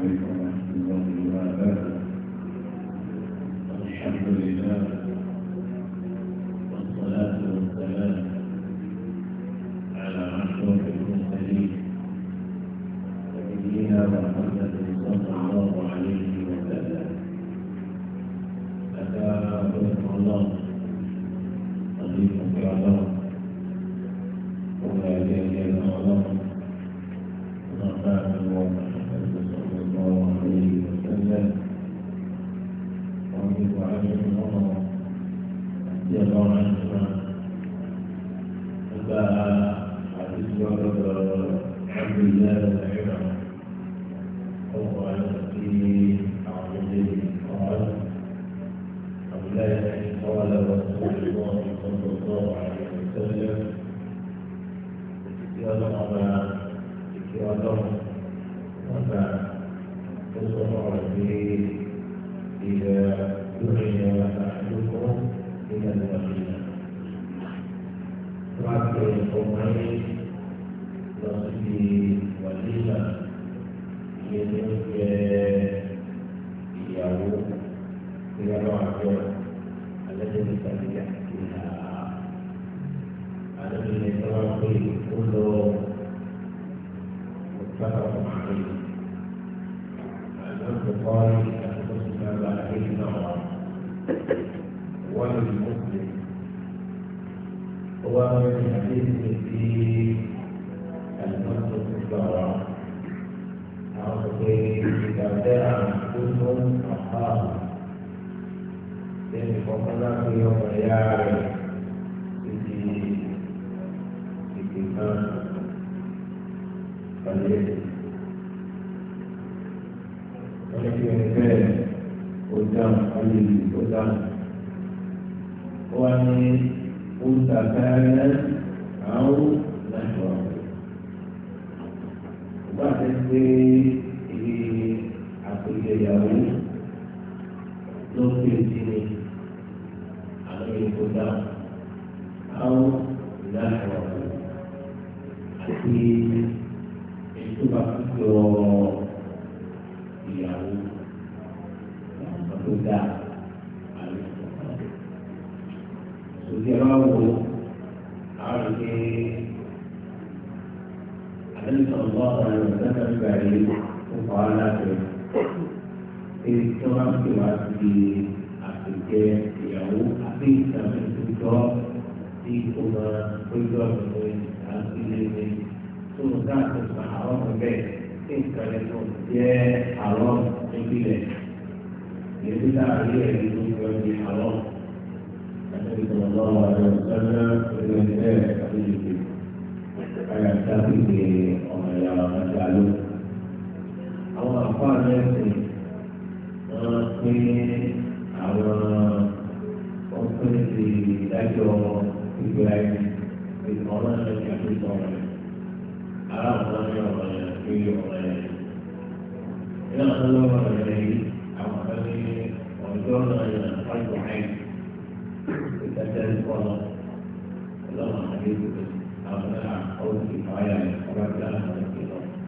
عليكم ورحمة الله وبركاته الحمد لله والصلاة والسلام على أشرف المرسلين نبينا محمد عبد الله بن عمر إلا الوحيد رب القرآن نصيبي وليما يدرك إياه إلى معجر الذي بفضله فيها على من يتوكل وهو الحديث في المسجد الكبرى أعطي بعدها كل مقام لأن فقنا في يوم العيال في كتاب قليل ولكن قدام قليل قدام وأني كنت كائنا أو نشرا وبعد ذلك ayé ọkọ̀ aláṣẹ èyí tí wọ́n máa ń pè wá sí àtẹ̀jẹ́ ìyàwó àti ìtàmẹ́tòtọ́ tí ó máa péjọ ọ̀dọ́ ìtàkìlẹ̀ ní tó ń dá àtẹ̀sán àwọn ọmọ bẹ́ẹ̀ tí nǹkan rẹ̀ tó jẹ́ àwọn ìbílẹ̀ èyí tá a rí ẹ̀rí tó ń gbọ́ ní àwọn àti ìtàmọ́lọ́wọ́ àti ìtàmẹ́tòtọ́ ìgbẹ́ ìgbẹ́ àti ìgbẹ́ àyàtà ìgbẹ́ ọmọ ìyàwó àti àlọ́ àpá lẹ́sìn wọn pé àwọn ọkùnrin ti dájọ́ ìgbéra ẹni ìgbìmọ̀ náà lè fi àtúntò rẹ̀ ara àwọn ní ọ̀rọ̀ yẹn pé ọ̀rọ̀ yẹn ní àwọn lọ́wọ́ rẹ̀ yìí àwọn kan ní ọjọ́ náà yẹn fáìlì àìyí ìtẹ́tẹ́ ìkọ́ ọlọ́run àdéhùn àwọn náà ọ̀rọ̀ ìfàyà ìfọwọ́sí àwọn ìfọwọ́sí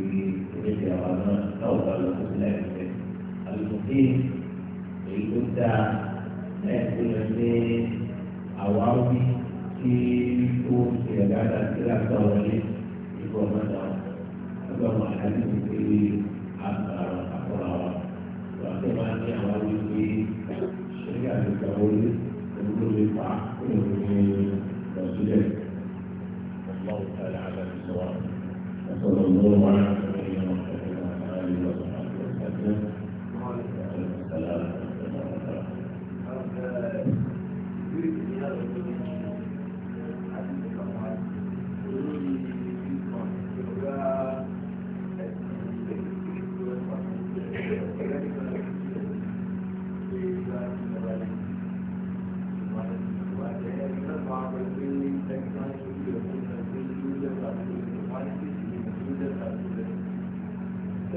ìgbésẹ̀ àwọn náà táwọn bá lọ sí ilé ẹgbẹ́ àlùfókè èyí tó dáa lẹ́ẹ̀kọ́ lọ sí àwáwí tí صلى الله عليه وسلم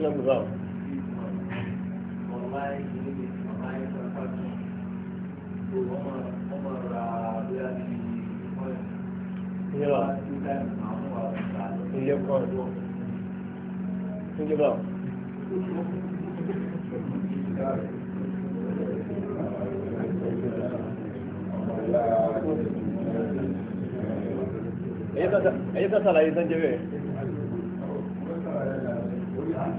sọ́ọ̀bù báwò. Ìjọba ilé kan ìjọba. Ẹ̀yẹ́ kásàlàyé sánjẹ́ bẹ́ẹ̀.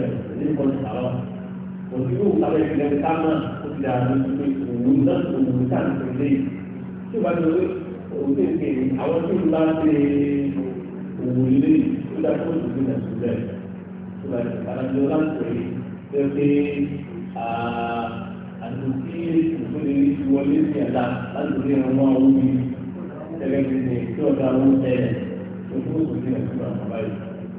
jẹ ní ìkọlù sàrọ òsì yóò kábẹ ìpìlẹ̀ kámà ó ti dàrú pé òun náà òun ká ní pèlè tí o bá ti lórí òun tó ké àwọn tí o bá ti òun ilé tó dá tó tó tó tó bẹ tó bá ti kàrà ní ọlá pèlè tó ké àtúntí ìfúnni wọlé sí ẹ̀dá láti lórí ọmọ àwọn omi tẹ́lẹ̀ ní ìjọba àwọn ẹ̀ tó tó tó tó tó tó báyìí.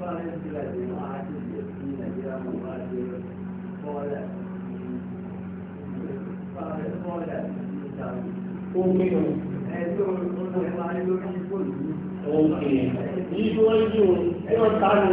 قال انت لازم اعتذر من يا مغادر قال قال قال Ókè, ìṣòro ìjò ẹ̀rọ ta ni